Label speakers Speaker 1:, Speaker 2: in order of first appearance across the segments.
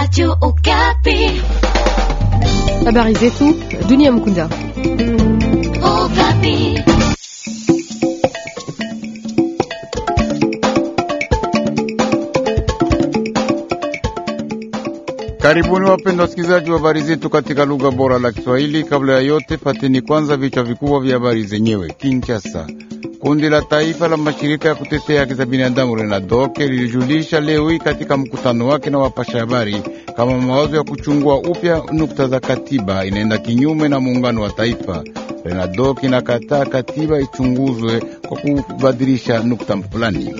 Speaker 1: Radio Okapi.
Speaker 2: Habari zetu dunia mkunda.
Speaker 1: Okapi.
Speaker 3: Karibuni wapendwa wasikilizaji wa habari zetu katika lugha bora la Kiswahili. Kabla ya yote, pateni kwanza vichwa vikubwa vya habari zenyewe. Kinshasa Kundi la taifa la mashirika ya kutetea haki za binadamu Renadoke lilijulisha leo hii katika mkutano wake na wapasha habari kama mawazo ya kuchungua upya nukta za katiba inaenda kinyume na muungano wa taifa. Renadoke inakataa katiba ichunguzwe kwa kubadilisha nukta fulani.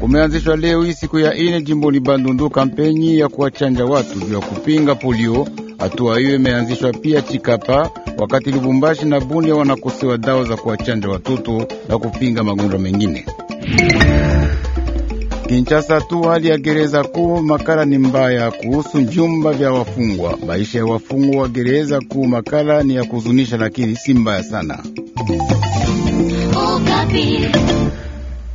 Speaker 3: Kumeanzishwa leo hii siku ya ine jimboni Bandundu kampeni ya kuwachanja watu juu ya kupinga polio. Hatua hiyo imeanzishwa pia Chikapa, wakati Lubumbashi na Bunia wanakosewa dawa za kuwachanja watoto na kupinga magonjwa mengine. Kinshasa tu hali ya gereza kuu Makala ni mbaya kuhusu vyumba vya wafungwa. Maisha ya wafungwa wa gereza kuu Makala ni ya kuzunisha lakini si mbaya sana. Oh,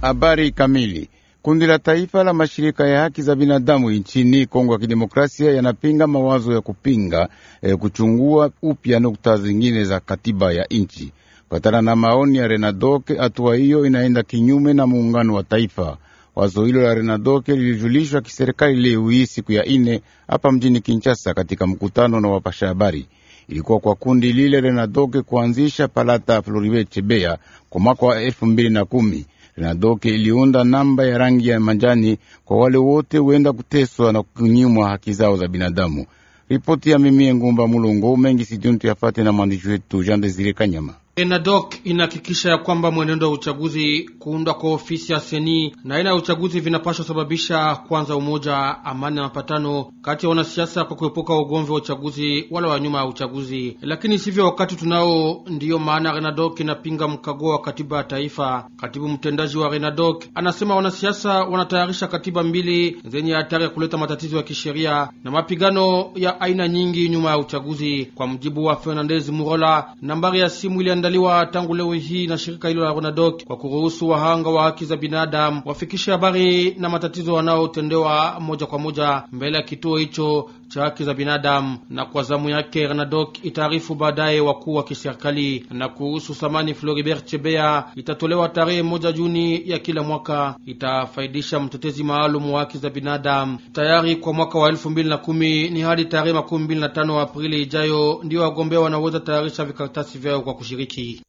Speaker 3: Habari kamili Kundi la taifa la mashirika ya haki za binadamu nchini Kongo ya Kidemokrasia yanapinga mawazo ya kupinga eh, kuchungua upya nukta zingine za katiba ya nchi. Kufatana na maoni ya Renadoke, hatua hiyo inaenda kinyume na muungano wa taifa. Wazo hilo la Renadoke lilijulishwa kiserikali leo hii siku ya ine hapa mjini Kinshasa, katika mkutano na wapasha habari. Ilikuwa kwa kundi lile Renadoke kuanzisha palata Floribe Chebea kwa mwaka wa elfu mbili na kumi Renadoke iliunda namba ya rangi ya manjani kwa wale wote huenda kuteswa na kunyimwa haki zao za binadamu. Ripoti ya mimie Ngumba Mulongo mengi situntu yafate na mwandishi wetu Jean Desire Kanyama.
Speaker 2: ENADOC inahakikisha ya kwamba mwenendo wa uchaguzi, kuundwa kwa ofisi ya seni na aina ya uchaguzi vinapaswa sababisha kwanza umoja, amani na mapatano kati ya wanasiasa kwa kuepuka ugomvi wa uchaguzi wala wa nyuma ya uchaguzi, lakini sivyo wakati tunao. Ndiyo maana RENADOC inapinga mkagua wa katiba ya taifa. Katibu mtendaji wa RENADOC anasema wanasiasa wanatayarisha katiba mbili zenye hatari ya kuleta matatizo ya kisheria na mapigano ya aina nyingi nyuma ya uchaguzi. Kwa mjibu wa Fernandez Murola, nambari ya simu ile iliyoandaliwa tangu leo hii na shirika hilo la Ronadoc kwa kuruhusu wahanga wa haki za binadamu wafikishe habari na matatizo wanaotendewa moja kwa moja mbele ya kituo hicho cha haki za binadamu, na kwa zamu yake Renadok itaarifu baadaye wakuu wa kiserikali. Na kuhusu samani Floribert Chebea itatolewa tarehe moja Juni ya kila mwaka, itafaidisha mtetezi maalum wa haki za binadamu. Tayari kwa mwaka wa elfu mbili na kumi ni hadi tarehe makumi mbili na tano Aprili ijayo ndiyo wagombea wanaweza tayarisha vikaratasi vyao kwa kushiriki.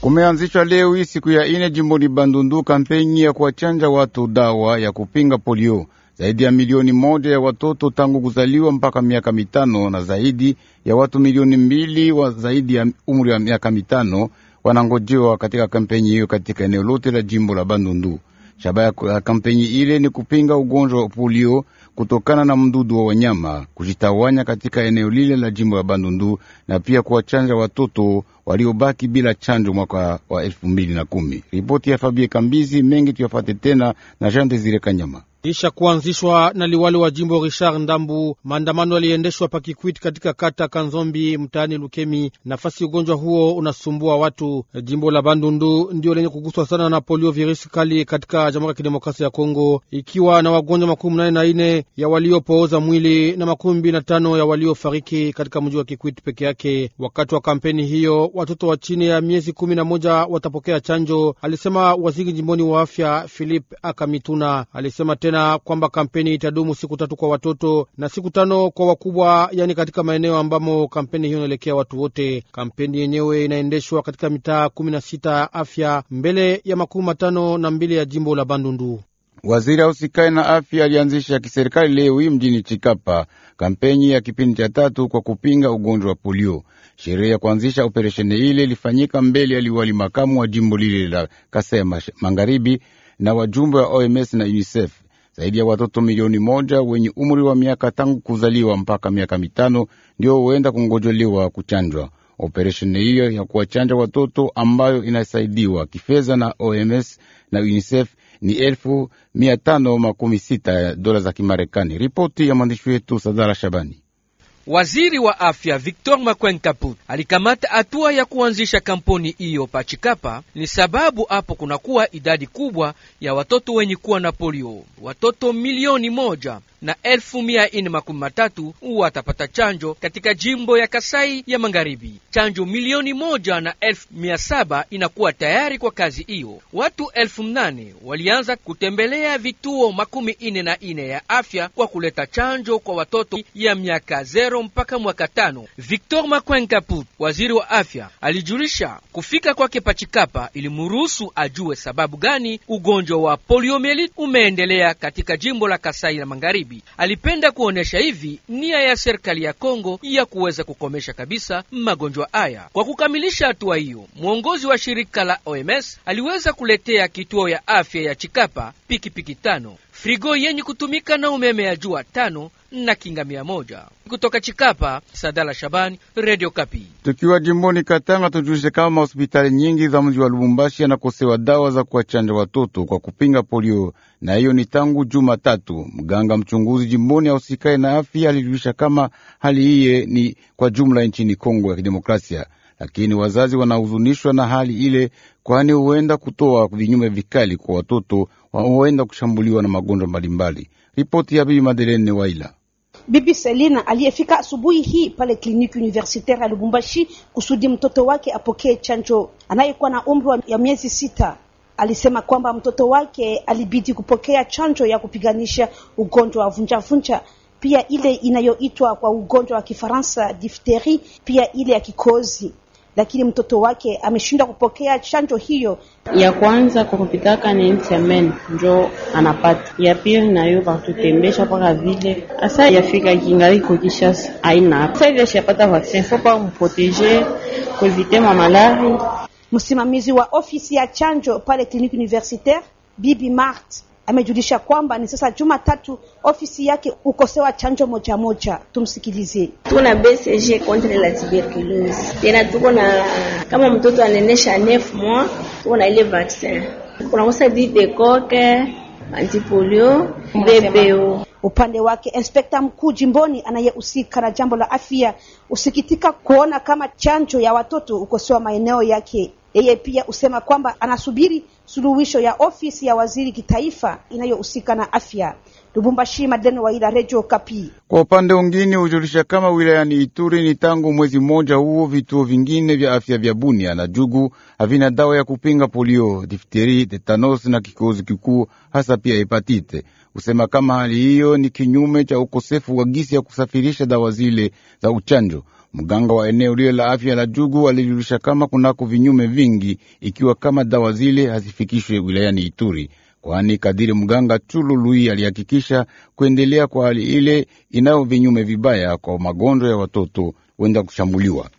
Speaker 3: Kumeanzishwa leo hii siku ya ine jimboni Bandundu kampeni ya kuwachanja watu dawa ya kupinga polio zaidi ya milioni moja ya watoto tangu kuzaliwa mpaka miaka mitano na zaidi ya watu milioni mbili wa zaidi ya umri wa miaka mitano wanangojewa katika kampeni hiyo katika eneo lote la jimbo la Bandundu. Shabaha ya kampeni ile ni kupinga ugonjwa wa polio kutokana na mdudu wa wanyama kujitawanya katika eneo lile la jimbo la Bandundu na pia kuwachanja watoto waliobaki bila chanjo mwaka wa elfu mbili na kumi. Ripoti ya Fabie Kambizi mengi tuyafate tena na Jean Desire Kanyama.
Speaker 2: Kisha kuanzishwa na liwali wa jimbo Richard Ndambu, maandamano yaliendeshwa Pakikwit katika kata Kanzombi mtaani Lukemi, nafasi ugonjwa huo unasumbua watu. Jimbo la Bandundu ndio lenye kuguswa sana na polio virusi kali katika Jamhuri ya Kidemokrasia ya Kongo, ikiwa na wagonjwa makumi nane na ine ya waliopooza mwili na makumi mbili na tano ya waliofariki katika mji wa Kikwit peke yake. Wakati wa kampeni hiyo, watoto wa chini ya miezi kumi na moja watapokea chanjo, alisema waziri jimboni wa afya Philip Akamituna. Alisema tena tena kwamba kampeni itadumu siku tatu kwa watoto na siku tano kwa wakubwa, yaani katika maeneo ambamo kampeni hiyo inaelekea watu wote. Kampeni yenyewe inaendeshwa katika mitaa kumi na sita ya afya mbele ya makumi matano na mbili ya jimbo la Bandundu.
Speaker 3: Waziri ausikae na afya alianzisha kiserikali leo hii mjini Chikapa kampeni ya kipindi cha tatu kwa kupinga ugonjwa wa polio. Sherehe ya kuanzisha operesheni ile ilifanyika mbele ya liwali makamu wa jimbo lile la Kasema Magharibi na wajumbe wa OMS na UNICEF. Zaidi ya watoto milioni moja wenye umri wa miaka tangu kuzaliwa mpaka miaka mitano ndio huenda kungojoliwa kuchanjwa. Operesheni hiyo ya kuwachanja watoto ambayo inasaidiwa kifedha na OMS na UNICEF ni elfu mia tano makumi sita ya dola za Kimarekani. Ripoti ya mwandishi wetu Sadara Shabani.
Speaker 1: Waziri wa afya Victor Makweng Kaput alikamata hatua ya kuanzisha kampuni hiyo Pachikapa ni sababu hapo kunakuwa idadi kubwa ya watoto wenye kuwa na polio. Watoto milioni moja na elfu mia ine makumi matatu watapata chanjo katika jimbo ya Kasai ya Magharibi. Chanjo milioni moja na elfu mia saba inakuwa tayari kwa kazi hiyo. Watu elfu mnane walianza kutembelea vituo makumi ine na ine ya afya kwa kuleta chanjo kwa watoto ya miaka zero tano mpaka mwaka tano. Victor Makwen Kaput, waziri wa afya, alijulisha kufika kwake Pachikapa ilimruhusu ajue sababu gani ugonjwa wa poliomielite umeendelea katika jimbo la Kasai la Magharibi. Alipenda kuonesha hivi nia ya serikali ya Kongo ya kuweza kukomesha kabisa magonjwa haya. Kwa kukamilisha hatua hiyo, mwongozi wa shirika la OMS aliweza kuletea kituo ya afya ya Chikapa pikipiki piki tano frigo yenye kutumika na umeme ya jua tano na kinga mia moja kutoka Chikapa. Sadala Shabani, Radio Kapi.
Speaker 3: Tukiwa jimboni Katanga, tujulishe kama hospitali nyingi za mji wa Lubumbashi yanakosewa dawa za kuwachanja watoto kwa kupinga polio, na hiyo ni tangu Jumatatu. Mganga mchunguzi jimboni ausikae na afya alijulisha kama hali hiye ni kwa jumla nchini Kongo ya Kidemokrasia, lakini wazazi wanahuzunishwa na hali ile, kwani huenda kutoa vinyume vikali kwa watoto waenda kushambuliwa na magonjwa mbalimbali. Ripoti ya Bibi Madelene Waila.
Speaker 4: Bibi Selina aliyefika asubuhi hii pale kliniki universitaire ya Lubumbashi kusudi mtoto wake apokee chanjo, anayekuwa na umri ya miezi sita, alisema kwamba mtoto wake alibidi kupokea chanjo ya kupiganisha ugonjwa wa vunjavunja pia ile inayoitwa kwa ugonjwa wa Kifaransa difteri, pia ile ya kikozi lakini mtoto wake ameshindwa kupokea chanjo hiyo ya kwanza. kupitaka ni msemen njo anapata ya pili, nayo bakutembesha mpaka vile asa yafika kingali kokishasa aina asa ile shapata vaksin fopa mproteje kuvitema malari. Msimamizi wa ofisi ya chanjo pale kliniki universitaire Bibi Mart amejulisha kwamba ni sasa Jumatatu ofisi yake ukosewa chanjo moja moja. Tumsikilizie. Tuna BCG contre la tuberculose
Speaker 5: tena tuko na kama mtoto anenesha nef mwa tuko na ile vaccin kunakosa dide koke antipolio bebeo Upande
Speaker 4: wake inspekta mkuu jimboni anayehusika na jambo la afya usikitika kuona kama chanjo ya watoto ukosewa maeneo yake. Yeye pia usema kwamba anasubiri suluhisho ya ofisi ya waziri kitaifa inayohusika na afya Lubumbashi, Madeni ila Radio Kapi.
Speaker 3: Kwa upande wengine hujulisha kama wilayani Ituri ni tangu mwezi mmoja huo vituo vingine vya afya vya Bunia na Jugu havina dawa ya kupinga polio, difteri, tetanos na kikozi kikuu, hasa pia hepatite. Kusema kama hali hiyo ni kinyume cha ukosefu wa gisi ya kusafirisha dawa zile za uchanjo. Mganga wa eneo lile la afya la Jugu alijulisha kama kunako vinyume vingi, ikiwa kama dawa zile hazifikishwe wilayani Ituri kwani kadiri mganga Tulu Lui alihakikisha kuendelea kwa hali ile inayo vinyume vibaya kwa magonjwa ya watoto wenda kushambuliwa.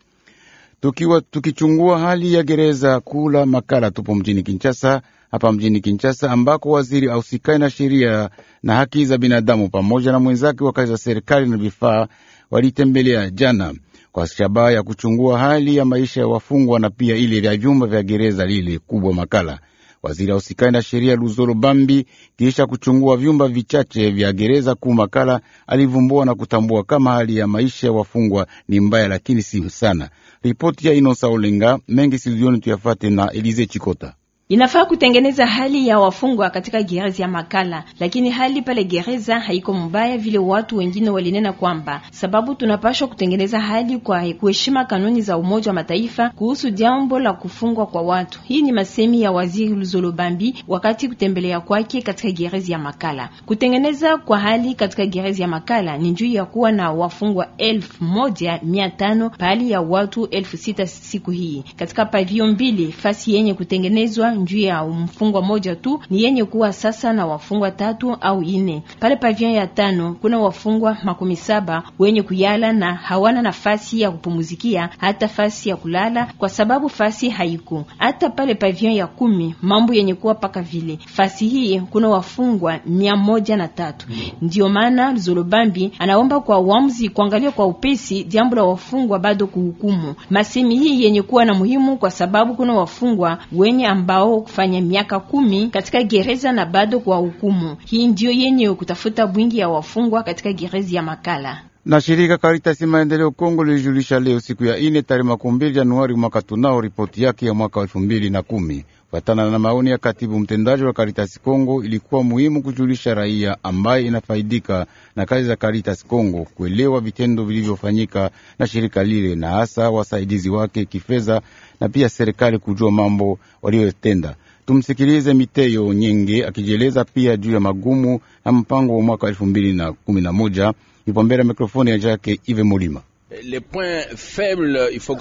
Speaker 3: Tukiwa tukichungua hali ya gereza kula makala, tupo mjini Kinshasa, hapa mjini Kinshasa ambako waziri ausikai na sheria na haki za binadamu pamoja na mwenzake wa kazi za serikali na vifaa walitembelea jana kwa shabaha ya kuchungua hali ya maisha ya wafungwa na pia ile ya vyumba vya gereza lile kubwa makala. Waziri ausikani na sheria Luzolo Bambi, kisha kuchungua vyumba vichache vya gereza kuu Makala, alivumbua na kutambua kama hali ya maisha ya wafungwa ni mbaya, lakini si sana. Ripoti ya Inosa Olenga mengi Silvioni tuyafate na Elize Chikota.
Speaker 5: Inafaa kutengeneza hali ya wafungwa katika gereza ya Makala, lakini hali pale gereza haiko mbaya vile watu wengine walinena kwamba sababu tunapashwa kutengeneza hali kwa kuheshima kanuni za Umoja wa Mataifa kuhusu jambo la kufungwa kwa watu. Hii ni masemi ya Waziri Luzolobambi wakati kutembelea kwake katika gereza ya Makala. Kutengeneza kwa hali katika gereza ya Makala ni juu ya kuwa na wafungwa elfu moja mia tano pahali ya watu elfu sita siku hii katika pavio mbili, fasi yenye kutengenezwa juu ya mfungwa moja tu ni yenye kuwa sasa na wafungwa tatu au ine. Pale pavion ya tano kuna wafungwa makumi saba wenye kuyala na hawana nafasi ya kupumuzikia hata fasi ya kulala, kwa sababu fasi haiko. Hata pale pavion ya kumi mambo yenye kuwa paka vile fasi hii kuna wafungwa mia moja na tatu. Ndiyo maana Zolobambi anaomba kwa wamzi kuangalia kwa upesi jambo la wafungwa bado kuhukumu. Masemi hii yenye kuwa na muhimu kwa sababu kuna wafungwa wenye ambao wao kufanya miaka kumi katika gereza na bado kwa hukumu hii. Ndiyo yenye kutafuta bwingi ya wafungwa katika gereza ya Makala
Speaker 3: na shirika Karitasi Maendeleo Kongo lilijulisha leo siku ya ine tarehe makumi mbili Januari mwaka tunao ripoti yake ya mwaka elfu mbili na kumi fatana na maoni ya katibu mtendaji wa Caritas Kongo, ilikuwa muhimu kujulisha raia ambaye inafaidika na kazi za Caritas Kongo kuelewa vitendo vilivyofanyika na shirika lile, na hasa wasaidizi wake kifedha, na pia serikali kujua mambo waliyotenda. Tumsikilize Miteyo Nyenge akijieleza pia juu ya magumu na mpango wa mwaka elfu mbili na kumi na moja. Ipo mbele ya mikrofoni ya Jake Ive Mulima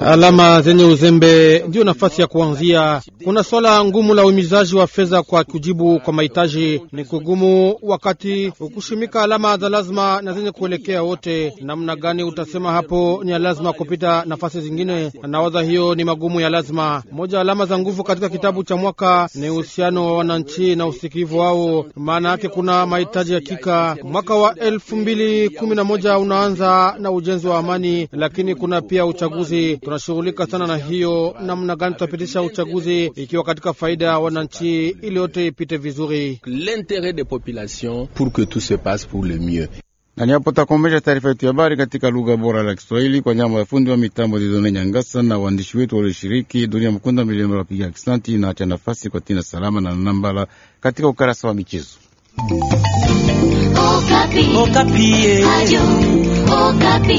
Speaker 3: alama zenye uzembe ndiyo nafasi ya kuanzia. Kuna swala ngumu la uhimizaji wa
Speaker 2: fedha kwa kujibu kwa mahitaji ni kugumu, wakati ukushimika alama za lazima na zenye kuelekea wote. Namna gani utasema hapo ni ya lazima kupita nafasi zingine? Nawaza hiyo ni magumu ya lazima. Moja alama za nguvu katika kitabu cha mwaka ni uhusiano wa wananchi na usikivu wao, maana yake kuna mahitaji hakika. Mwaka wa elfu mbili kumi na moja unaanza na ujenzi wa amani lakini kuna pia uchaguzi. Tunashughulika sana na hiyo, namna gani tutapitisha uchaguzi ikiwa katika faida ya wananchi, ili yote ipite vizuri.
Speaker 3: Na takomesha taarifa yetu ya habari katika lugha bora la Kiswahili kwa nyama ya fundi wa mitambo Didone Nyangasa na waandishi wetu walioshiriki. Dunia Mkunda Milima Lapiga akisanti na acha nafasi kwa Tina Salama na Nambala katika ukarasa wa michezo.
Speaker 4: Eh. Okapi.